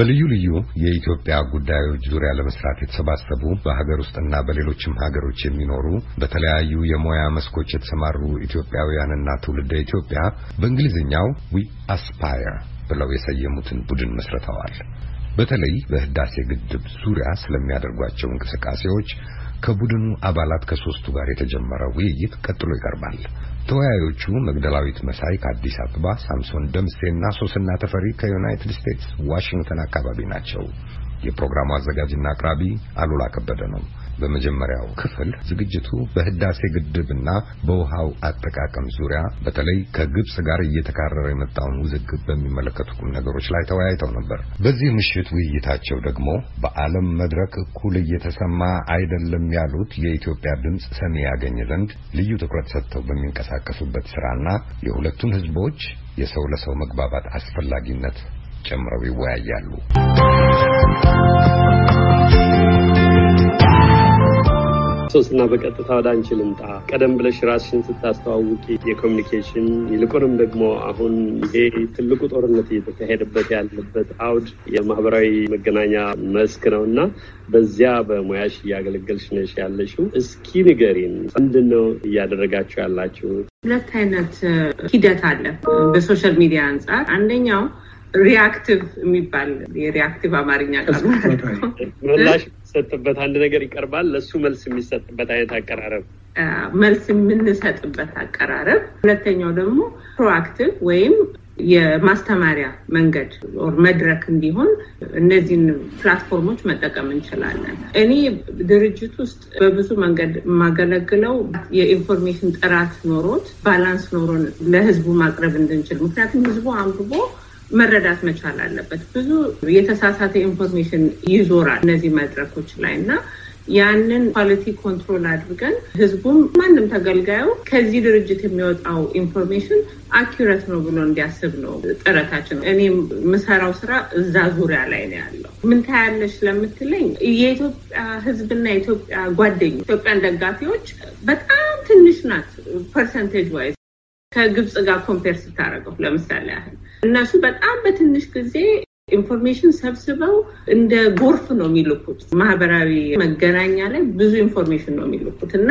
በልዩ ልዩ የኢትዮጵያ ጉዳዮች ዙሪያ ለመስራት የተሰባሰቡ በሀገር ውስጥና በሌሎችም ሀገሮች የሚኖሩ በተለያዩ የሙያ መስኮች የተሰማሩ ኢትዮጵያውያንና ትውልደ ኢትዮጵያ በእንግሊዝኛው ዊ አስፓየር ብለው የሰየሙትን ቡድን መስርተዋል። በተለይ በህዳሴ ግድብ ዙሪያ ስለሚያደርጓቸው እንቅስቃሴዎች ከቡድኑ አባላት ከሶስቱ ጋር የተጀመረው ውይይት ቀጥሎ ይቀርባል። ተወያዮቹ መግደላዊት መሳይ ከአዲስ አበባ፣ ሳምሶን ደምሴና ሶስና ተፈሪ ከዩናይትድ ስቴትስ ዋሽንግተን አካባቢ ናቸው። የፕሮግራሙ አዘጋጅና አቅራቢ አሉላ ከበደ ነው። በመጀመሪያው ክፍል ዝግጅቱ በህዳሴ ግድብና በውሃው አጠቃቀም ዙሪያ በተለይ ከግብጽ ጋር እየተካረረ የመጣውን ውዝግብ በሚመለከቱ ቁም ነገሮች ላይ ተወያይተው ነበር። በዚህ ምሽት ውይይታቸው ደግሞ በዓለም መድረክ እኩል እየተሰማ አይደለም ያሉት የኢትዮጵያ ድምፅ ሰሚ ያገኝ ዘንድ ልዩ ትኩረት ሰጥተው በሚንቀሳቀሱበት ስራና የሁለቱን ህዝቦች የሰው ለሰው መግባባት አስፈላጊነት ጨምረው ይወያያሉ። ሶስትና በቀጥታ ወደ አንቺ ልምጣ። ቀደም ብለሽ ራስሽን ስታስተዋውቂ የኮሚኒኬሽን ይልቁንም ደግሞ አሁን ይሄ ትልቁ ጦርነት እየተካሄደበት ያለበት አውድ የማህበራዊ መገናኛ መስክ ነው እና በዚያ በሙያሽ እያገለገልሽ ነሽ ያለሽው። እስኪ ንገሪን፣ ምንድን ነው እያደረጋችሁ ያላችሁ? ሁለት አይነት ሂደት አለ በሶሻል ሚዲያ አንጻር። አንደኛው ሪያክቲቭ የሚባል የሪያክቲቭ አማርኛ ቃል ምላሽ የሚሰጥበት አንድ ነገር ይቀርባል፣ ለእሱ መልስ የሚሰጥበት አይነት አቀራረብ መልስ የምንሰጥበት አቀራረብ። ሁለተኛው ደግሞ ፕሮአክቲቭ ወይም የማስተማሪያ መንገድ ኦር መድረክ እንዲሆን እነዚህን ፕላትፎርሞች መጠቀም እንችላለን። እኔ ድርጅት ውስጥ በብዙ መንገድ የማገለግለው የኢንፎርሜሽን ጥራት ኖሮት ባላንስ ኖሮን ለህዝቡ ማቅረብ እንድንችል ምክንያቱም ህዝቡ አንብቦ መረዳት መቻል አለበት። ብዙ የተሳሳተ ኢንፎርሜሽን ይዞራል እነዚህ መድረኮች ላይ እና ያንን ኳሊቲ ኮንትሮል አድርገን ህዝቡም ማንም ተገልጋዩ ከዚህ ድርጅት የሚወጣው ኢንፎርሜሽን አኪረት ነው ብሎ እንዲያስብ ነው ጥረታችን። እኔ የምሰራው ስራ እዛ ዙሪያ ላይ ነው ያለው። ምን ታያለሽ ለምትለኝ የኢትዮጵያ ህዝብና የኢትዮጵያ ጓደኞች ኢትዮጵያን ደጋፊዎች በጣም ትንሽ ናት ፐርሰንቴጅ ዋይዝ ከግብፅ ጋር ኮምፔር ስታደርገው ለምሳሌ ያህል እነሱ በጣም በትንሽ ጊዜ ኢንፎርሜሽን ሰብስበው እንደ ጎርፍ ነው የሚልኩት። ማህበራዊ መገናኛ ላይ ብዙ ኢንፎርሜሽን ነው የሚልኩት እና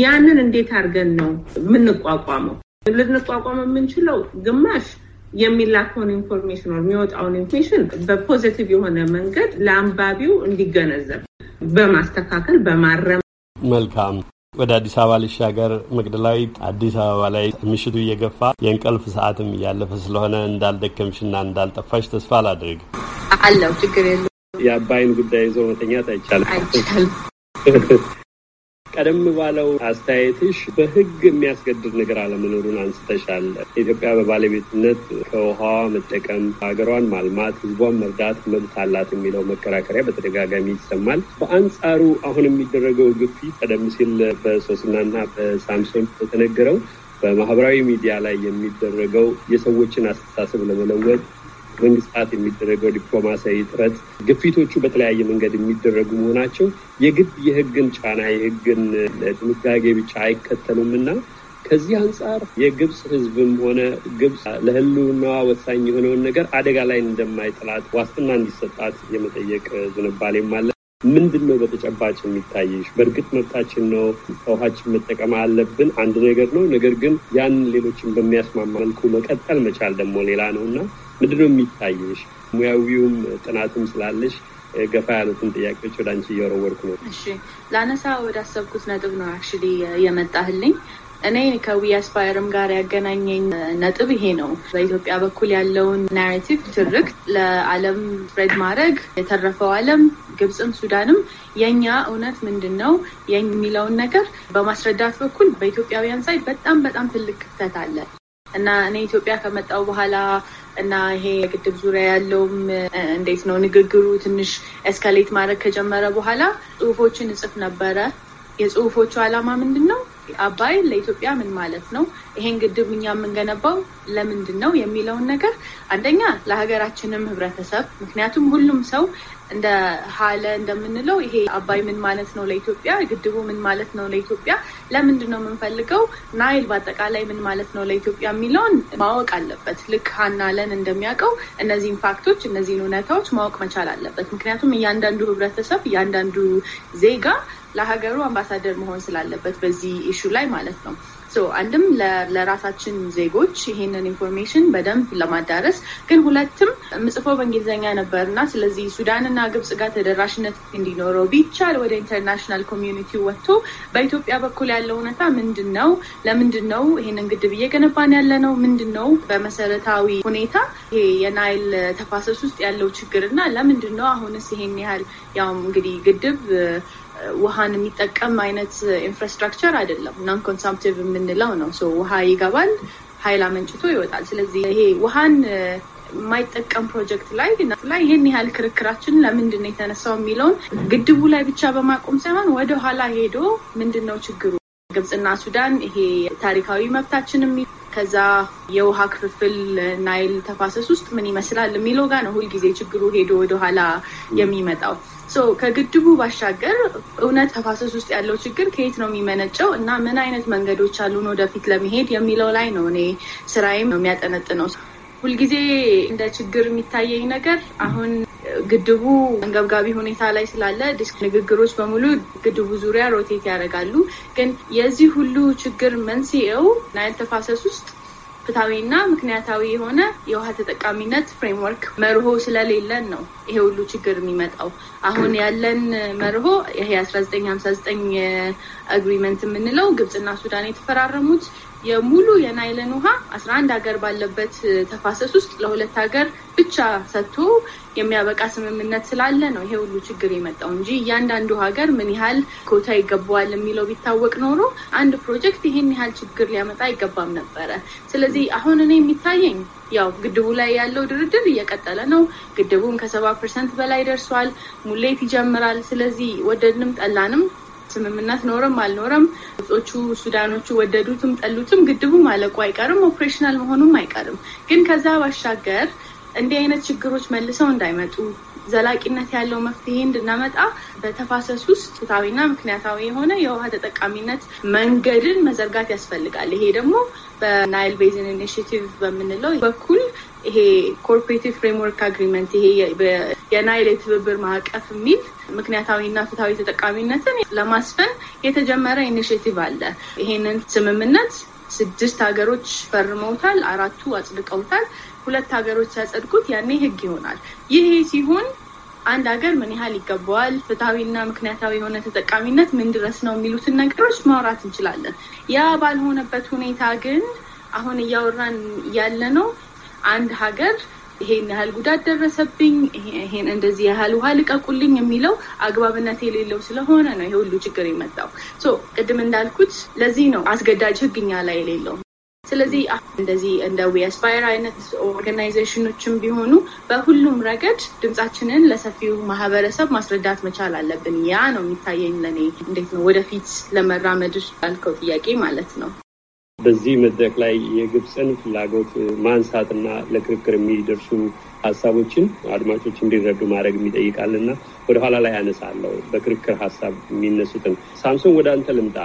ያንን እንዴት አድርገን ነው የምንቋቋመው? ልንቋቋመው የምንችለው ግማሽ የሚላከውን ኢንፎርሜሽን ወር የሚወጣውን ኢንፎርሜሽን በፖዘቲቭ የሆነ መንገድ ለአንባቢው እንዲገነዘብ በማስተካከል በማረም መልካም ወደ አዲስ አበባ ልሻገር። መቅደላዊት፣ አዲስ አበባ ላይ ምሽቱ እየገፋ የእንቅልፍ ሰዓትም እያለፈ ስለሆነ እንዳልደከምሽና እንዳልጠፋሽ ተስፋ አላድርግ አለው። ችግር የለ የአባይን ጉዳይ ይዞ መተኛት አይቻልም። ቀደም ባለው አስተያየትሽ በሕግ የሚያስገድድ ነገር አለመኖሩን አንስተሻል። ኢትዮጵያ በባለቤትነት ከውሃዋ መጠቀም፣ ሀገሯን ማልማት፣ ሕዝቧን መርዳት መብት አላት የሚለው መከራከሪያ በተደጋጋሚ ይሰማል። በአንጻሩ አሁን የሚደረገው ግፊት ቀደም ሲል በሶስናና በሳምሶን የተነገረው በማህበራዊ ሚዲያ ላይ የሚደረገው የሰዎችን አስተሳሰብ ለመለወጥ መንግስታት የሚደረገው ዲፕሎማሲያዊ ጥረት ግፊቶቹ በተለያየ መንገድ የሚደረጉ መሆናቸው የግድ የህግን ጫና የህግን ድንጋጌ ብቻ አይከተሉም እና ከዚህ አንጻር የግብፅ ህዝብም ሆነ ግብፅ ለህልውናዋ ወሳኝ የሆነውን ነገር አደጋ ላይ እንደማይጥላት ዋስትና እንዲሰጣት የመጠየቅ ዝንባሌም አለ። ምንድን ነው በተጨባጭ የሚታይሽ? በእርግጥ መብታችን ነው፣ ውሃችን መጠቀም አለብን አንድ ነገር ነው። ነገር ግን ያን ሌሎችን በሚያስማማ መልኩ መቀጠል መቻል ደግሞ ሌላ ነው እና ምንድነው የሚታይሽ? ሙያዊውም ጥናትም ስላለሽ ገፋ ያሉትን ጥያቄዎች ወደ አንቺ እየወረወርኩ ነው። እሺ ለአነሳ ወዳሰብኩት ነጥብ ነው አክቹዋሊ የመጣህልኝ። እኔ ከዊ አስፓየርም ጋር ያገናኘኝ ነጥብ ይሄ ነው። በኢትዮጵያ በኩል ያለውን ናሬቲቭ ትርክት ለዓለም ፍሬድ ማድረግ የተረፈው ዓለም ግብፅም ሱዳንም የኛ እውነት ምንድን ነው የሚለውን ነገር በማስረዳት በኩል በኢትዮጵያውያን ሳይድ በጣም በጣም ትልቅ ክፍተት አለ እና እኔ ኢትዮጵያ ከመጣው በኋላ እና ይሄ የግድብ ዙሪያ ያለውም እንዴት ነው ንግግሩ ትንሽ ኤስካሌት ማድረግ ከጀመረ በኋላ ጽሁፎችን እጽፍ ነበረ። የጽሁፎቹ ዓላማ ምንድን ነው? አባይ ለኢትዮጵያ ምን ማለት ነው? ይሄን ግድብ እኛ የምንገነባው ለምንድን ነው የሚለውን ነገር አንደኛ ለሀገራችንም ህብረተሰብ፣ ምክንያቱም ሁሉም ሰው እንደ ሀለ እንደምንለው ይሄ አባይ ምን ማለት ነው ለኢትዮጵያ፣ ግድቡ ምን ማለት ነው ለኢትዮጵያ፣ ለምንድን ነው የምንፈልገው፣ ናይል በአጠቃላይ ምን ማለት ነው ለኢትዮጵያ የሚለውን ማወቅ አለበት። ልክ ሀና ለን እንደሚያውቀው እነዚህን ፋክቶች፣ እነዚህን እውነታዎች ማወቅ መቻል አለበት። ምክንያቱም እያንዳንዱ ህብረተሰብ፣ እያንዳንዱ ዜጋ ለሀገሩ አምባሳደር መሆን ስላለበት በዚህ ኢሹ ላይ ማለት ነው። አንድም ለራሳችን ዜጎች ይሄንን ኢንፎርሜሽን በደንብ ለማዳረስ ግን ሁለትም ምጽፎ በእንግሊዝኛ ነበር እና ስለዚህ ሱዳንና ግብጽ ጋር ተደራሽነት እንዲኖረው ቢቻል ወደ ኢንተርናሽናል ኮሚኒቲ ወጥቶ በኢትዮጵያ በኩል ያለው እውነታ ምንድን ነው? ለምንድን ነው ይሄንን ግድብ እየገነባን ያለ ነው? ምንድን ነው በመሰረታዊ ሁኔታ ይሄ የናይል ተፋሰስ ውስጥ ያለው ችግር እና ለምንድን ነው አሁንስ ይሄን ያህል ያውም እንግዲህ ግድብ ውሃን የሚጠቀም አይነት ኢንፍራስትራክቸር አይደለም። ናን ኮንሳምፕቲቭ የምንለው ነው። ውሃ ይገባል፣ ሀይል አመንጭቶ ይወጣል። ስለዚህ ይሄ ውሃን የማይጠቀም ፕሮጀክት ላይ ላይ ይህን ያህል ክርክራችን ለምንድን ነው የተነሳው የሚለውን ግድቡ ላይ ብቻ በማቆም ሳይሆን ወደኋላ ሄዶ ምንድን ነው ችግሩ ግብፅና ሱዳን ይሄ ታሪካዊ መብታችን ከዛ የውሃ ክፍፍል ናይል ተፋሰስ ውስጥ ምን ይመስላል የሚለው ጋር ነው ሁልጊዜ ችግሩ ሄዶ ወደኋላ የሚመጣው። ከግድቡ ባሻገር እውነት ተፋሰስ ውስጥ ያለው ችግር ከየት ነው የሚመነጨው እና ምን አይነት መንገዶች አሉን ወደፊት ለመሄድ የሚለው ላይ ነው እኔ ስራዬም ነው የሚያጠነጥነው። ሁልጊዜ እንደ ችግር የሚታየኝ ነገር አሁን ግድቡ አንገብጋቢ ሁኔታ ላይ ስላለ ንግግሮች በሙሉ ግድቡ ዙሪያ ሮቴት ያደርጋሉ። ግን የዚህ ሁሉ ችግር መንስኤው ናይል ተፋሰስ ውስጥ ፍትሐዊና ምክንያታዊ የሆነ የውሃ ተጠቃሚነት ፍሬምወርክ መርሆ ስለሌለን ነው ይሄ ሁሉ ችግር የሚመጣው። አሁን ያለን መርሆ ይሄ አስራ ዘጠኝ ሀምሳ ዘጠኝ አግሪመንት የምንለው ግብጽና ሱዳን የተፈራረሙት የሙሉ የናይልን ውሃ አስራ አንድ ሀገር ባለበት ተፋሰስ ውስጥ ለሁለት ሀገር ብቻ ሰጥቶ የሚያበቃ ስምምነት ስላለ ነው ይሄ ሁሉ ችግር የመጣው እንጂ እያንዳንዱ ሀገር ምን ያህል ኮታ ይገባዋል የሚለው ቢታወቅ ኖሮ አንድ ፕሮጀክት ይሄን ያህል ችግር ሊያመጣ አይገባም ነበረ። ስለዚህ አሁን እኔ የሚታየኝ ያው ግድቡ ላይ ያለው ድርድር እየቀጠለ ነው። ግድቡም ከሰባ ፐርሰንት በላይ ደርሷል። ሙሌት ይጀምራል። ስለዚህ ወደድንም ጠላንም ስምምነት ኖረም አልኖረም ግብጾቹ፣ ሱዳኖቹ ወደዱትም ጠሉትም ግድቡም ማለቁ አይቀርም፣ ኦፕሬሽናል መሆኑም አይቀርም። ግን ከዛ ባሻገር እንዲህ አይነት ችግሮች መልሰው እንዳይመጡ ዘላቂነት ያለው መፍትሄ እንድናመጣ በተፋሰስ ውስጥ ፍትሐዊና ምክንያታዊ የሆነ የውሃ ተጠቃሚነት መንገድን መዘርጋት ያስፈልጋል። ይሄ ደግሞ በናይል ቤዝን ኢኒሽቲቭ በምንለው በኩል ይሄ ኮርፖሬቲቭ ፍሬምወርክ አግሪመንት ይሄ የናይል የትብብር ማዕቀፍ የሚል ምክንያታዊና ፍትሐዊ ተጠቃሚነትን ለማስፈን የተጀመረ ኢኒሽቲቭ አለ። ይሄንን ስምምነት ስድስት ሀገሮች ፈርመውታል፣ አራቱ አጽድቀውታል። ሁለት ሀገሮች ሲያጸድቁት ያኔ ህግ ይሆናል። ይሄ ሲሆን አንድ ሀገር ምን ያህል ይገባዋል፣ ፍትሐዊና ምክንያታዊ የሆነ ተጠቃሚነት ምን ድረስ ነው የሚሉትን ነገሮች ማውራት እንችላለን። ያ ባልሆነበት ሁኔታ ግን አሁን እያወራን ያለ ነው አንድ ሀገር ይሄን ያህል ጉዳት ደረሰብኝ፣ ይሄን እንደዚህ ያህል ውሃ ልቀቁልኝ የሚለው አግባብነት የሌለው ስለሆነ ነው ይሄ ሁሉ ችግር የመጣው። ቅድም እንዳልኩት ለዚህ ነው አስገዳጅ ህግ እኛ ላይ የሌለው። ስለዚህ እንደዚህ እንደ ዊስፓየር አይነት ኦርጋናይዜሽኖችን ቢሆኑ በሁሉም ረገድ ድምፃችንን ለሰፊው ማህበረሰብ ማስረዳት መቻል አለብን። ያ ነው የሚታየኝ ለእኔ። እንዴት ነው ወደፊት ለመራመድ ያልከው ጥያቄ ማለት ነው። በዚህ መድረክ ላይ የግብፅን ፍላጎት ማንሳትና ለክርክር የሚደርሱ ሀሳቦችን አድማጮች እንዲረዱ ማድረግ የሚጠይቃልና ወደኋላ ላይ ያነሳለው በክርክር ሀሳብ የሚነሱትን። ሳምሶን ወደ አንተ ልምጣ።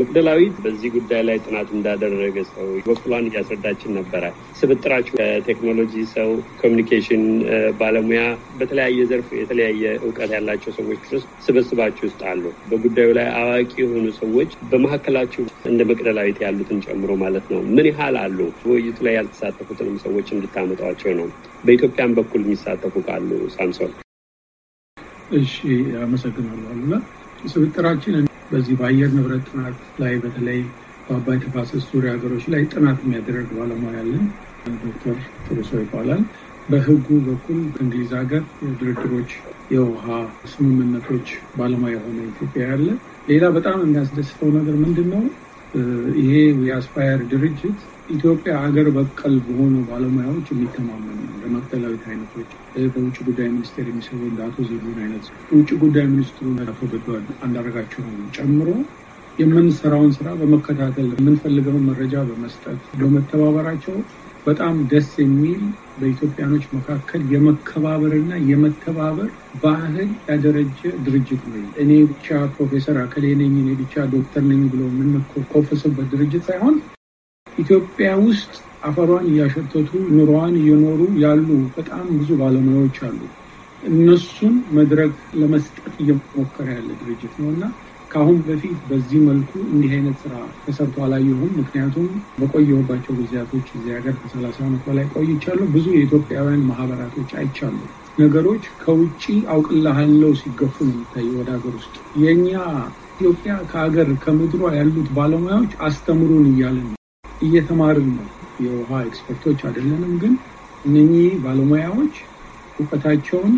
መቅደላዊት በዚህ ጉዳይ ላይ ጥናት እንዳደረገ ሰው በኩሏን እያስረዳችን ነበረ። ስብጥራችሁ ከቴክኖሎጂ ሰው፣ ኮሚኒኬሽን ባለሙያ፣ በተለያየ ዘርፍ የተለያየ እውቀት ያላቸው ሰዎች ውስጥ ስብስባችሁ ውስጥ አሉ። በጉዳዩ ላይ አዋቂ የሆኑ ሰዎች በመካከላችሁ እንደ መቅደላዊት ያሉትን ጨምሮ ማለት ነው ምን ያህል አሉ? ውይይቱ ላይ ያልተሳተፉትንም ሰዎች እንድታመጧቸው ነው። በኢትዮጵያም በኩል የሚሳተፉ ካሉ ሳምሶን። እሺ፣ አመሰግናለሁ አሉላ። ስብጥራችን በዚህ በአየር ንብረት ጥናት ላይ በተለይ በአባይ ተፋሰስ ዙሪያ ሀገሮች ላይ ጥናት የሚያደርግ ባለሙያ ያለን ዶክተር ጥሩሶ ይባላል። በህጉ በኩል በእንግሊዝ ሀገር የድርድሮች የውሃ ስምምነቶች ባለሙያ የሆነ ኢትዮጵያ ያለ። ሌላ በጣም የሚያስደስተው ነገር ምንድን ነው? ይሄ የአስፓየር ድርጅት ኢትዮጵያ ሀገር በቀል በሆኑ ባለሙያዎች የሚተማመኑ ለማዕከላዊት አይነቶች በውጭ ጉዳይ ሚኒስቴር የሚሰሩ እንደ አቶ አይነት ውጭ ጉዳይ ሚኒስትሩ አቶ ገዱ ጨምሮ የምንሰራውን ስራ በመከታተል የምንፈልገውን መረጃ በመስጠት በመተባበራቸው በጣም ደስ የሚል በኢትዮጵያኖች መካከል የመከባበርና የመተባበር ባህል ያደረጀ ድርጅት ነው። እኔ ብቻ ፕሮፌሰር አከሌ ነኝ፣ እኔ ብቻ ዶክተር ነኝ ብሎ የምንኮፈስበት ድርጅት ሳይሆን ኢትዮጵያ ውስጥ አፈሯን እያሸተቱ ኑሮዋን እየኖሩ ያሉ በጣም ብዙ ባለሙያዎች አሉ። እነሱን መድረክ ለመስጠት እየሞከረ ያለ ድርጅት ነው እና ከአሁን በፊት በዚህ መልኩ እንዲህ አይነት ስራ ተሰርቶ አላየሁም። ምክንያቱም በቆየሁባቸው ጊዜያቶች እዚህ ሀገር ከሰላሳ ዓመት በላይ ቆይቻለሁ። ብዙ የኢትዮጵያውያን ማህበራቶች አይቻሉ። ነገሮች ከውጭ አውቅልሃለሁ ሲገፉ ነው የሚታየው ወደ ሀገር ውስጥ የእኛ ኢትዮጵያ ከሀገር ከምድሯ ያሉት ባለሙያዎች አስተምሩን እያለ ነው እየተማርን ነው። የውሃ ኤክስፐርቶች አይደለንም፣ ግን እነኚህ ባለሙያዎች እውቀታቸውን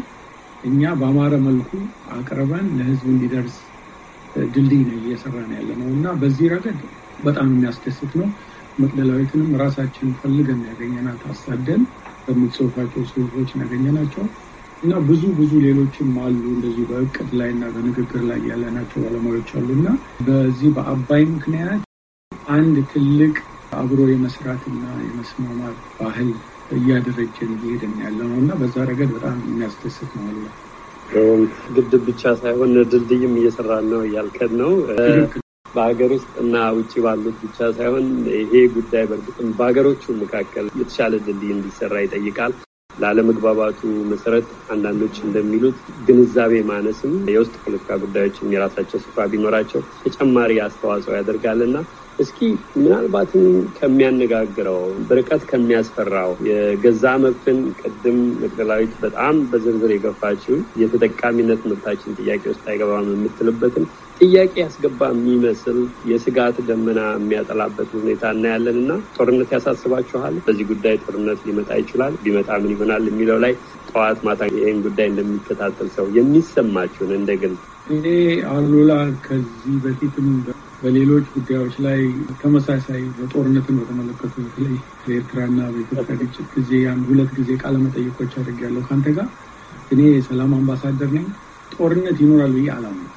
እኛ በአማረ መልኩ አቅርበን ለህዝብ እንዲደርስ ድልድይ ነው እየሰራን ያለ ነው እና በዚህ ረገድ በጣም የሚያስደስት ነው። መቅደላዊትንም ራሳችን ፈልገን ያገኘናት አሳደን በምንጽሁፋቸው ጽሁፎች ያገኘናቸው እና ብዙ ብዙ ሌሎችም አሉ እንደዚህ በእቅድ ላይ እና በንግግር ላይ ያለናቸው ባለሙያዎች አሉ እና በዚህ በአባይ ምክንያት አንድ ትልቅ አብሮ የመስራትና የመስማማት ባህል እያደረጀን እየሄደን ያለ ነው እና በዛ ረገድ በጣም የሚያስደስት ነው አለ ግድብ ብቻ ሳይሆን ድልድይም እየሰራን ነው እያልከን ነው። በሀገር ውስጥ እና ውጭ ባሉት ብቻ ሳይሆን ይሄ ጉዳይ በእርግጥም በሀገሮቹ መካከል የተሻለ ድልድይ እንዲሰራ ይጠይቃል። ላለመግባባቱ መሰረት አንዳንዶች እንደሚሉት ግንዛቤ ማነስም የውስጥ ፖለቲካ ጉዳዮችም የራሳቸው ስፍራ ቢኖራቸው ተጨማሪ አስተዋጽኦ ያደርጋልና እስኪ ምናልባትም ከሚያነጋግረው በርቀት ከሚያስፈራው የገዛ መብትን ቅድም መቅደላዊት በጣም በዝርዝር የገፋችው የተጠቃሚነት መብታችን ጥያቄ ውስጥ አይገባም የምትልበትን ጥያቄ ያስገባ የሚመስል የስጋት ደመና የሚያጠላበት ሁኔታ እናያለን እና ጦርነት ያሳስባችኋል? በዚህ ጉዳይ ጦርነት ሊመጣ ይችላል፣ ቢመጣ ምን ይሆናል የሚለው ላይ ጠዋት ማታ ይህን ጉዳይ እንደሚከታተል ሰው የሚሰማችሁን እንደግል እኔ አሉላ ከዚህ በፊትም በሌሎች ጉዳዮች ላይ ተመሳሳይ በጦርነትን በተመለከቱ በተለይ በኤርትራና በኢትዮጵያ ግጭት ጊዜ ያን ሁለት ጊዜ ቃለ መጠይቆች አድርጌያለሁ ከአንተ ጋር። እኔ የሰላም አምባሳደር ነኝ፣ ጦርነት ይኖራል ብዬ አላምነው።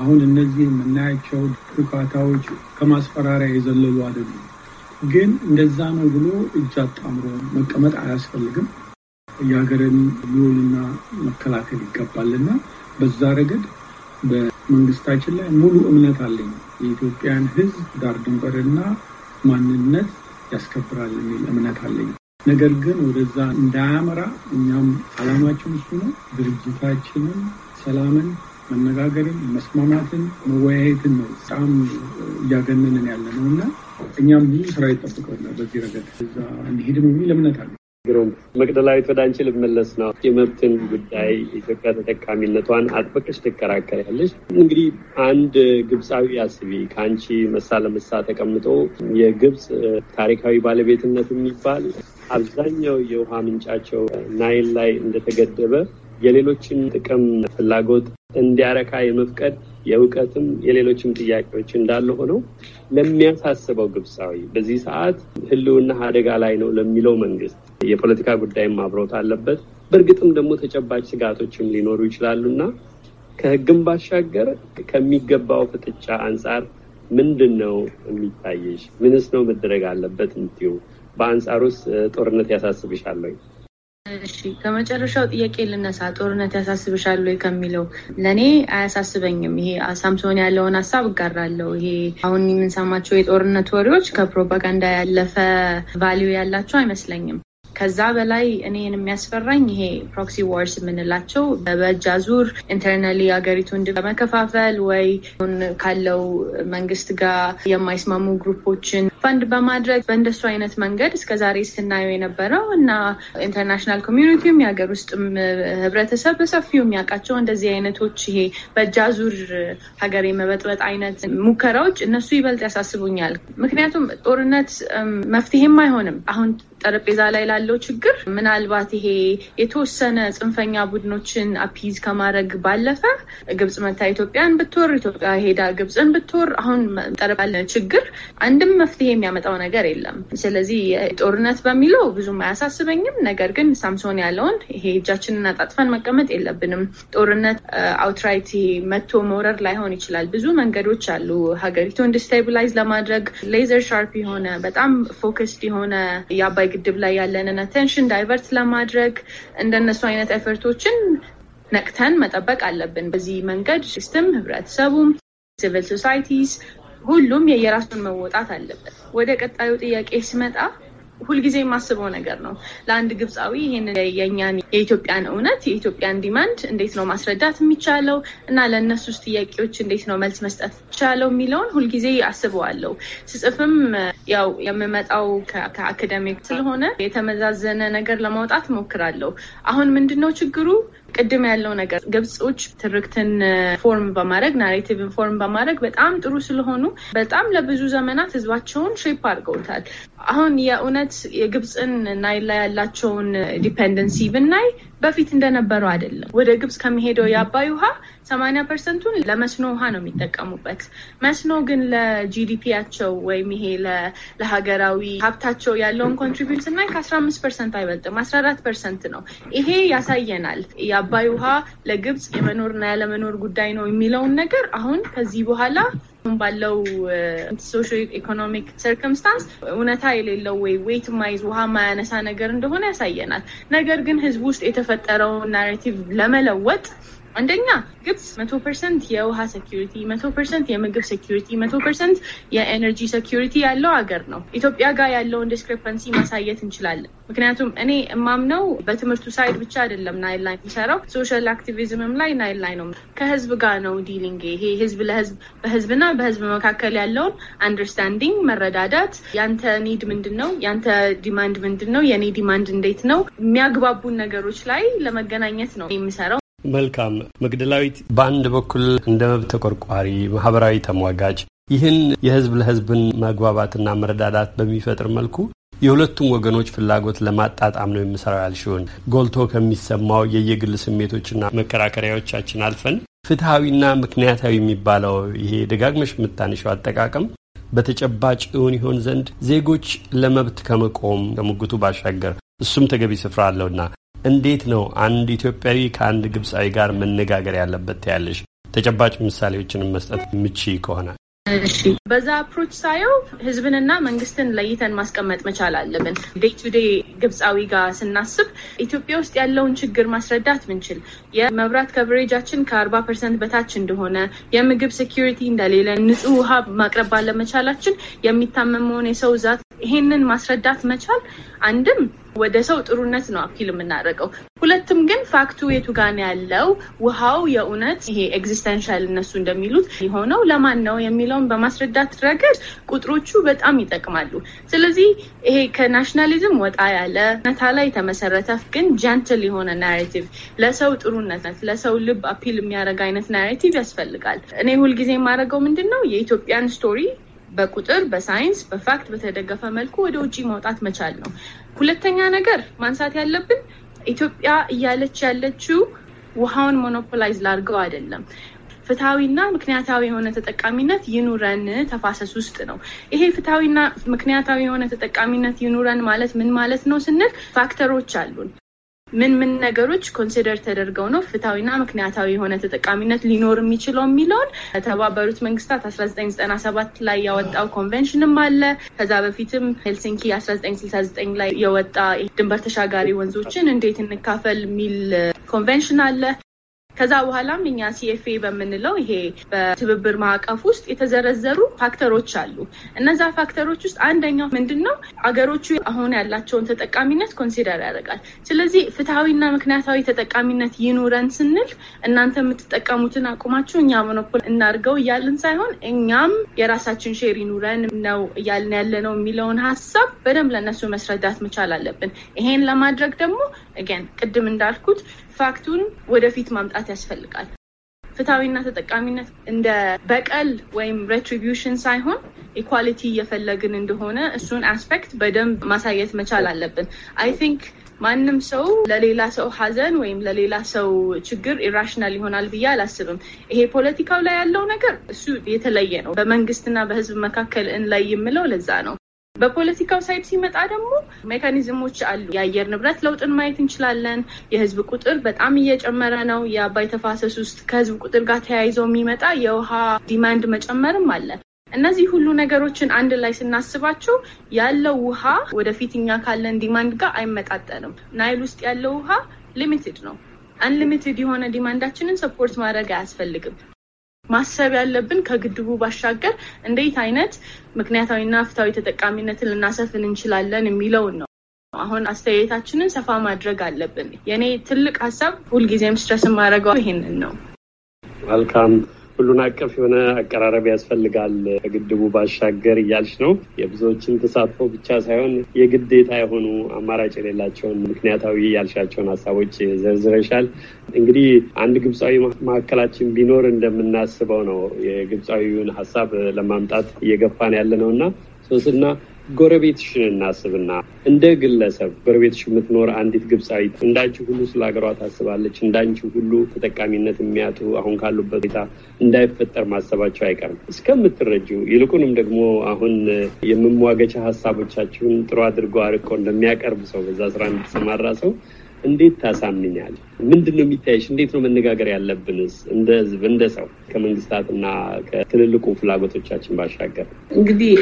አሁን እነዚህ የምናያቸው ሁካታዎች ከማስፈራሪያ የዘለሉ አይደሉም። ግን እንደዛ ነው ብሎ እጅ አጣምሮ መቀመጥ አያስፈልግም። የሀገርን ልዑልና መከላከል ይገባልና በዛ ረገድ መንግስታችን ላይ ሙሉ እምነት አለኝ። የኢትዮጵያን ህዝብ ዳር ድንበርና ማንነት ያስከብራል የሚል እምነት አለኝ። ነገር ግን ወደዛ እንዳያመራ እኛም አላማችን እሱ ነው። ድርጅታችንም ሰላምን፣ መነጋገርን፣ መስማማትን፣ መወያየትን ነው በጣም እያገነንን ያለ ነው እና እኛም ብዙ ስራ ይጠብቀናል። በዚህ ረገድ እዛ እንሄድም የሚል እምነት አለ። ግሩም መቅደላዊት ወደ አንቺ ልመለስ ነው። የመብትን ጉዳይ ኢትዮጵያ ተጠቃሚነቷን አጥብቀሽ ትከራከሪያለሽ። እንግዲህ አንድ ግብፃዊ አስቢ ከአንቺ መሳ ለመሳ ተቀምጦ የግብፅ ታሪካዊ ባለቤትነት የሚባል አብዛኛው የውሃ ምንጫቸው ናይል ላይ እንደተገደበ የሌሎችን ጥቅም ፍላጎት እንዲያረካ የመፍቀድ የእውቀትም የሌሎችም ጥያቄዎች እንዳለ ሆነው ለሚያሳስበው ግብፃዊ በዚህ ሰዓት ሕልውና አደጋ ላይ ነው ለሚለው መንግስት የፖለቲካ ጉዳይም አብሮት አለበት። በእርግጥም ደግሞ ተጨባጭ ስጋቶችም ሊኖሩ ይችላሉና ከህግም ባሻገር ከሚገባው ፍጥጫ አንጻር ምንድን ነው የሚታየሽ? ምንስ ነው መደረግ አለበት? እንዲሁ በአንጻር ውስጥ ጦርነት ያሳስብሻል እሺ ከመጨረሻው ጥያቄ ልነሳ። ጦርነት ያሳስብሻል ወይ ከሚለው ለእኔ አያሳስበኝም። ይሄ ሳምሶን ያለውን ሀሳብ እጋራለሁ። ይሄ አሁን የምንሰማቸው የጦርነት ወሬዎች ከፕሮፓጋንዳ ያለፈ ቫሊዩ ያላቸው አይመስለኝም። ከዛ በላይ እኔን የሚያስፈራኝ ይሄ ፕሮክሲ ዋርስ የምንላቸው በእጅ አዙር ኢንተርናሊ ሀገሪቱን በመከፋፈል ወይ ካለው መንግስት ጋር የማይስማሙ ግሩፖችን ፈንድ በማድረግ በእንደሱ አይነት መንገድ እስከዛሬ ስናየው የነበረው እና ኢንተርናሽናል ኮሚኒቲም የሀገር ውስጥም ህብረተሰብ በሰፊው የሚያውቃቸው እንደዚህ አይነቶች ይሄ በእጅ አዙር ሀገር የመበጥበጥ አይነት ሙከራዎች እነሱ ይበልጥ ያሳስቡኛል። ምክንያቱም ጦርነት መፍትሄም አይሆንም። አሁን ጠረጴዛ ላይ ላለው ችግር ምናልባት ይሄ የተወሰነ ጽንፈኛ ቡድኖችን አፒዝ ከማድረግ ባለፈ ግብጽ መታ ኢትዮጵያን ብትወር፣ ኢትዮጵያ ሄዳ ግብጽን ብትወር፣ አሁን ጠረባለ ችግር አንድም መፍትሄ የሚያመጣው ነገር የለም። ስለዚህ ጦርነት በሚለው ብዙም አያሳስበኝም። ነገር ግን ሳምሶን ያለውን ይሄ እጃችንን አጣጥፈን መቀመጥ የለብንም። ጦርነት አውትራይት መቶ መውረር ላይሆን ይችላል። ብዙ መንገዶች አሉ ሀገሪቱን ዲስታቢላይዝ ለማድረግ ሌዘር ሻርፕ የሆነ በጣም ፎከስድ የሆነ የአባይ ግድብ ላይ ያለንን አቴንሽን ዳይቨርት ለማድረግ እንደነሱ አይነት ኤፈርቶችን ነቅተን መጠበቅ አለብን። በዚህ መንገድ ሲስተም ህብረተሰቡም፣ ሲቪል ሶሳይቲስ ሁሉም የየራሱን መወጣት አለበት። ወደ ቀጣዩ ጥያቄ ሲመጣ ሁልጊዜ የማስበው ነገር ነው። ለአንድ ግብፃዊ ይህን የእኛን የኢትዮጵያን እውነት የኢትዮጵያን ዲማንድ እንዴት ነው ማስረዳት የሚቻለው እና ለእነሱ ውስጥ ጥያቄዎች እንዴት ነው መልስ መስጠት ይቻለው የሚለውን ሁልጊዜ አስበዋለሁ። ስጽፍም ያው የምመጣው ከአካዳሚክ ስለሆነ የተመዛዘነ ነገር ለማውጣት እሞክራለሁ አሁን ምንድን ነው ችግሩ? ቅድም ያለው ነገር ግብጾች ትርክትን ፎርም በማድረግ ናሬቲቭን ፎርም በማድረግ በጣም ጥሩ ስለሆኑ በጣም ለብዙ ዘመናት ህዝባቸውን ሼፕ አድርገውታል። አሁን የእውነት የግብፅን ናይል ላይ ያላቸውን ዲፐንደንሲ ብናይ በፊት እንደነበረው አይደለም። ወደ ግብፅ ከሚሄደው የአባይ ውሃ ሰማኒያ ፐርሰንቱን ለመስኖ ውሃ ነው የሚጠቀሙበት። መስኖ ግን ለጂዲፒያቸው ወይም ይሄ ለሀገራዊ ሀብታቸው ያለውን ኮንትሪቢዩት ስናይ ከአስራ አምስት ፐርሰንት አይበልጥም፣ አስራ አራት ፐርሰንት ነው። ይሄ ያሳየናል የአባይ ውሃ ለግብጽ የመኖርና ያለመኖር ጉዳይ ነው የሚለውን ነገር አሁን ከዚህ በኋላ አሁን ባለው ሶሽ ኢኮኖሚክ ሰርክምስታንስ እውነታ የሌለው ወይ ዌት ማይዝ ውሃ ማያነሳ ነገር እንደሆነ ያሳየናል። ነገር ግን ህዝብ ውስጥ የተፈጠረውን ናሬቲቭ ለመለወጥ አንደኛ ግብጽ መቶ ፐርሰንት የውሃ ሴኪሪቲ፣ መቶ ፐርሰንት የምግብ ሴኪሪቲ፣ መቶ ፐርሰንት የኤነርጂ ሴኪሪቲ ያለው ሀገር ነው። ኢትዮጵያ ጋር ያለውን ዲስክሪፐንሲ ማሳየት እንችላለን። ምክንያቱም እኔ እማምነው በትምህርቱ ሳይድ ብቻ አይደለም ናይል ላይ የሚሰራው ሶሻል አክቲቪዝምም ላይ ናይል ላይ ነው። ከህዝብ ጋር ነው ዲሊንግ ይሄ ህዝብ ለህዝብ በህዝብና በህዝብ መካከል ያለውን አንደርስታንዲንግ መረዳዳት፣ ያንተ ኒድ ምንድን ነው፣ ያንተ ዲማንድ ምንድን ነው፣ የእኔ ዲማንድ እንዴት ነው የሚያግባቡን ነገሮች ላይ ለመገናኘት ነው የሚሰራው። መልካም መግደላዊት በአንድ በኩል እንደ መብት ተቆርቋሪ ማህበራዊ ተሟጋች ይህን የህዝብ ለህዝብን መግባባትና መረዳዳት በሚፈጥር መልኩ የሁለቱም ወገኖች ፍላጎት ለማጣጣም ነው የምሰራው ያልሽውን ጎልቶ ከሚሰማው የየግል ስሜቶችና መከራከሪያዎቻችን አልፈን ፍትሐዊና ምክንያታዊ የሚባለው ይሄ ደጋግመሽ የምታንሸው አጠቃቀም በተጨባጭ እውን ይሆን ዘንድ ዜጎች ለመብት ከመቆም ከሙግቱ ባሻገር እሱም ተገቢ ስፍራ አለውና እንዴት ነው አንድ ኢትዮጵያዊ ከአንድ ግብፃዊ ጋር መነጋገር ያለበት ያለሽ ተጨባጭ ምሳሌዎችንም መስጠት ምቺ ከሆነ እሺ በዛ አፕሮች ሳየው ህዝብንና መንግስትን ለይተን ማስቀመጥ መቻል አለብን። ዴይ ቱ ዴይ ግብፃዊ ጋር ስናስብ ኢትዮጵያ ውስጥ ያለውን ችግር ማስረዳት ምንችል የመብራት ከቨሬጃችን ከአርባ ፐርሰንት በታች እንደሆነ፣ የምግብ ሴኪሪቲ እንደሌለ፣ ንጹህ ውሃ ማቅረብ ባለመቻላችን የሚታመመውን የሰው ዛት ይሄንን ማስረዳት መቻል አንድም ወደ ሰው ጥሩነት ነው አፒል የምናደርገው። ሁለትም ግን ፋክቱ የቱ ጋን ያለው? ውሃው የእውነት ይሄ ኤግዚስተንሻል እነሱ እንደሚሉት የሆነው ለማን ነው የሚለውን በማስረዳት ረገድ ቁጥሮቹ በጣም ይጠቅማሉ። ስለዚህ ይሄ ከናሽናሊዝም ወጣ ያለ ነታ ላይ የተመሰረተ ግን ጀንትል የሆነ ናሬቲቭ ለሰው ጥሩነት፣ ለሰው ልብ አፒል የሚያደርግ አይነት ናሬቲቭ ያስፈልጋል። እኔ ሁልጊዜ የማደርገው ምንድን ነው የኢትዮጵያን ስቶሪ በቁጥር፣ በሳይንስ፣ በፋክት በተደገፈ መልኩ ወደ ውጭ ማውጣት መቻል ነው። ሁለተኛ ነገር ማንሳት ያለብን ኢትዮጵያ እያለች ያለችው ውሃውን ሞኖፖላይዝ ላድርገው አይደለም። ፍትሐዊና ምክንያታዊ የሆነ ተጠቃሚነት ይኑረን ተፋሰስ ውስጥ ነው። ይሄ ፍትሐዊና ምክንያታዊ የሆነ ተጠቃሚነት ይኑረን ማለት ምን ማለት ነው ስንል ፋክተሮች አሉን። ምን ምን ነገሮች ኮንሲደር ተደርገው ነው ፍትሐዊና ምክንያታዊ የሆነ ተጠቃሚነት ሊኖር የሚችለው የሚለውን የተባበሩት መንግስታት አስራ ዘጠኝ ዘጠና ሰባት ላይ ያወጣው ኮንቬንሽንም አለ። ከዛ በፊትም ሄልሲንኪ አስራ ዘጠኝ ስልሳ ዘጠኝ ላይ የወጣ ድንበር ተሻጋሪ ወንዞችን እንዴት እንካፈል የሚል ኮንቬንሽን አለ። ከዛ በኋላም እኛ ሲኤፍኤ በምንለው ይሄ በትብብር ማዕቀፍ ውስጥ የተዘረዘሩ ፋክተሮች አሉ። እነዛ ፋክተሮች ውስጥ አንደኛው ምንድን ነው? አገሮቹ አሁን ያላቸውን ተጠቃሚነት ኮንሲደር ያደርጋል። ስለዚህ ፍትሐዊና ምክንያታዊ ተጠቃሚነት ይኑረን ስንል እናንተ የምትጠቀሙትን አቁማችሁ እኛ ሞኖፖል እናርገው እያልን ሳይሆን እኛም የራሳችን ሼር ይኑረን ነው እያልን ያለ ነው የሚለውን ሀሳብ በደንብ ለእነሱ መስረዳት መቻል አለብን። ይሄን ለማድረግ ደግሞ ገን ቅድም እንዳልኩት ፋክቱን ወደፊት ማምጣት መስራት ያስፈልጋል። ፍትሐዊና ተጠቃሚነት እንደ በቀል ወይም ሬትሪቢሽን ሳይሆን ኢኳሊቲ እየፈለግን እንደሆነ እሱን አስፔክት በደንብ ማሳየት መቻል አለብን። አይ ቲንክ ማንም ሰው ለሌላ ሰው ሀዘን ወይም ለሌላ ሰው ችግር ኢራሽናል ይሆናል ብዬ አላስብም። ይሄ ፖለቲካው ላይ ያለው ነገር እሱ የተለየ ነው። በመንግስትና በህዝብ መካከል እንላይ የምለው ለዛ ነው። በፖለቲካው ሳይድ ሲመጣ ደግሞ ሜካኒዝሞች አሉ። የአየር ንብረት ለውጥን ማየት እንችላለን። የህዝብ ቁጥር በጣም እየጨመረ ነው። የአባይ ተፋሰስ ውስጥ ከህዝብ ቁጥር ጋር ተያይዞ የሚመጣ የውሃ ዲማንድ መጨመርም አለ። እነዚህ ሁሉ ነገሮችን አንድ ላይ ስናስባቸው ያለው ውሃ ወደፊት እኛ ካለን ዲማንድ ጋር አይመጣጠንም። ናይል ውስጥ ያለው ውሃ ሊሚትድ ነው። አንሊሚትድ የሆነ ዲማንዳችንን ሰፖርት ማድረግ አያስፈልግም። ማሰብ ያለብን ከግድቡ ባሻገር እንዴት አይነት ምክንያታዊና ፍታዊ ተጠቃሚነትን ልናሰፍን እንችላለን የሚለውን ነው። አሁን አስተያየታችንን ሰፋ ማድረግ አለብን። የኔ ትልቅ ሀሳብ ሁልጊዜም ስትረስ የማደርገው ይሄንን ነው። መልካም ሁሉን አቀፍ የሆነ አቀራረብ ያስፈልጋል ከግድቡ ባሻገር እያልሽ ነው። የብዙዎችን ተሳትፎ ብቻ ሳይሆን የግዴታ የሆኑ አማራጭ የሌላቸውን ምክንያታዊ ያልሻቸውን ሀሳቦች ዘርዝረሻል። እንግዲህ አንድ ግብፃዊ መካከላችን ቢኖር እንደምናስበው ነው የግብፃዊውን ሀሳብ ለማምጣት እየገፋን ያለ ነው እና ሶስና ጎረቤትሽን እናስብና እንደ ግለሰብ ጎረቤትሽ የምትኖር አንዲት ግብፃዊት እንዳንቺ ሁሉ ስለ ሀገሯ ታስባለች። እንዳንቺ ሁሉ ተጠቃሚነት የሚያጡ አሁን ካሉበት ሁኔታ እንዳይፈጠር ማሰባቸው አይቀርም እስከምትረጁ ይልቁንም ደግሞ አሁን የመሟገቻ ሀሳቦቻችሁን ጥሩ አድርጎ አርቆ እንደሚያቀርብ ሰው በዛ ስራ እንድትሰማራ ሰው እንዴት ታሳምኛል? ምንድን ነው የሚታየሽ? እንዴት ነው መነጋገር ያለብንስ? እንደ ህዝብ፣ እንደ ሰው ከመንግስታትና ከትልልቁ ፍላጎቶቻችን ባሻገር እንግዲህ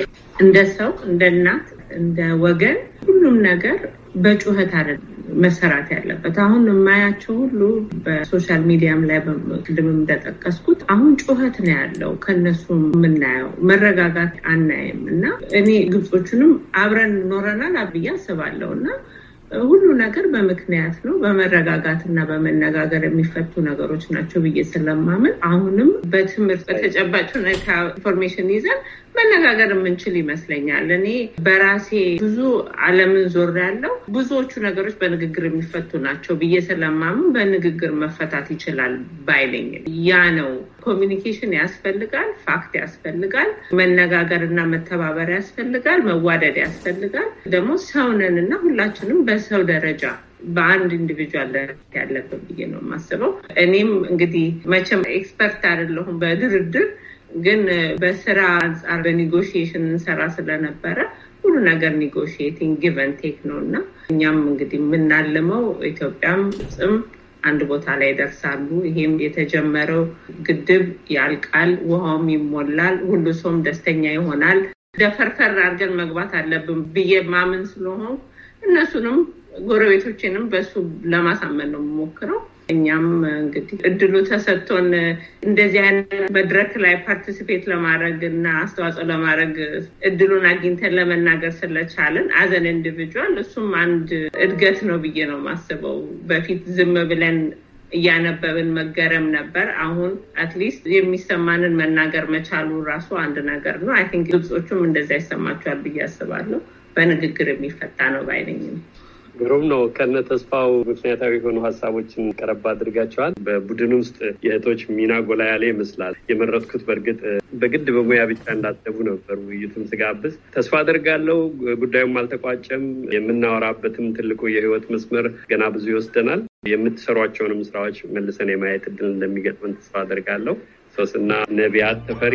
እንደ ሰው፣ እንደ እናት፣ እንደ ወገን ሁሉም ነገር በጩኸት አይደለም መሰራት ያለበት። አሁን የማያቸው ሁሉ በሶሻል ሚዲያም ላይ ቅድም እንደጠቀስኩት አሁን ጩኸት ነው ያለው። ከነሱ የምናየው መረጋጋት አናይም እና እኔ ግብጾቹንም አብረን ኖረናል ብዬ አስባለሁ እና ሁሉ ነገር በምክንያት ነው። በመረጋጋት እና በመነጋገር የሚፈቱ ነገሮች ናቸው ብዬ ስለማምን አሁንም በትምህርት በተጨባጭ ሁኔታ ኢንፎርሜሽን ይዘን መነጋገር የምንችል ይመስለኛል። እኔ በራሴ ብዙ ዓለምን ዞር ያለው ብዙዎቹ ነገሮች በንግግር የሚፈቱ ናቸው ብዬ ስለማምን በንግግር መፈታት ይችላል ባይለኝም ያ ነው ኮሚኒኬሽን ያስፈልጋል፣ ፋክት ያስፈልጋል፣ መነጋገር እና መተባበር ያስፈልጋል፣ መዋደድ ያስፈልጋል። ደግሞ ሰውነን እና ሁላችንም በሰው ደረጃ በአንድ ኢንዲቪጁዋል ደረጃ ያለብን ብዬ ነው የማስበው። እኔም እንግዲህ መቼም ኤክስፐርት አይደለሁም በድርድር ግን በስራ አንጻር በኒጎሽዬሽን እንሰራ ስለነበረ ሁሉ ነገር ኔጎሽዬቲንግ ጊቨን ቴክ ነው እና እኛም እንግዲህ የምናልመው ኢትዮጵያም ጽም አንድ ቦታ ላይ ይደርሳሉ። ይሄም የተጀመረው ግድብ ያልቃል፣ ውሃውም ይሞላል፣ ሁሉ ሰውም ደስተኛ ይሆናል። ደፈርፈር አድርገን መግባት አለብን ብዬ ማምን ስለሆን እነሱንም ጎረቤቶችንም በሱ ለማሳመን ነው የምሞክረው። እኛም እንግዲህ እድሉ ተሰጥቶን እንደዚህ አይነት መድረክ ላይ ፓርቲሲፔት ለማድረግ እና አስተዋጽኦ ለማድረግ እድሉን አግኝተን ለመናገር ስለቻለን አዘን ኢንዲቪጁዋል እሱም አንድ እድገት ነው ብዬ ነው ማስበው በፊት ዝም ብለን እያነበብን መገረም ነበር። አሁን አትሊስት የሚሰማንን መናገር መቻሉ ራሱ አንድ ነገር ነው። አይ ቲንክ ግብጾቹም እንደዚያ ይሰማቸዋል ብዬ አስባለሁ። በንግግር የሚፈታ ነው ባይነኝም ግሩም ነው። ከነ ተስፋው ምክንያታዊ የሆኑ ሀሳቦችን ቀረብ አድርጋቸዋል። በቡድን ውስጥ የእህቶች ሚና ጎላ ያለ ይመስላል። የመረጥኩት በእርግጥ በግድ በሙያ ብቻ እንዳጠቡ ነበር። ውይይቱም ስጋብዝ ተስፋ አደርጋለሁ ጉዳዩም አልተቋጨም። የምናወራበትም ትልቁ የህይወት መስመር ገና ብዙ ይወስደናል። የምትሰሯቸውንም ስራዎች መልሰን የማየት እድል እንደሚገጥመን ተስፋ አደርጋለሁ። ሶስና ነቢያት ተፈሪ፣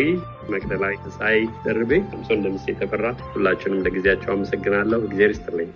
መቅደላዊ ተሳይ ደርቤ፣ ምሶ እንደምስ የተፈራ ሁላችሁንም ለጊዜያቸው አመሰግናለሁ። እግዜር ይስጥልኝ።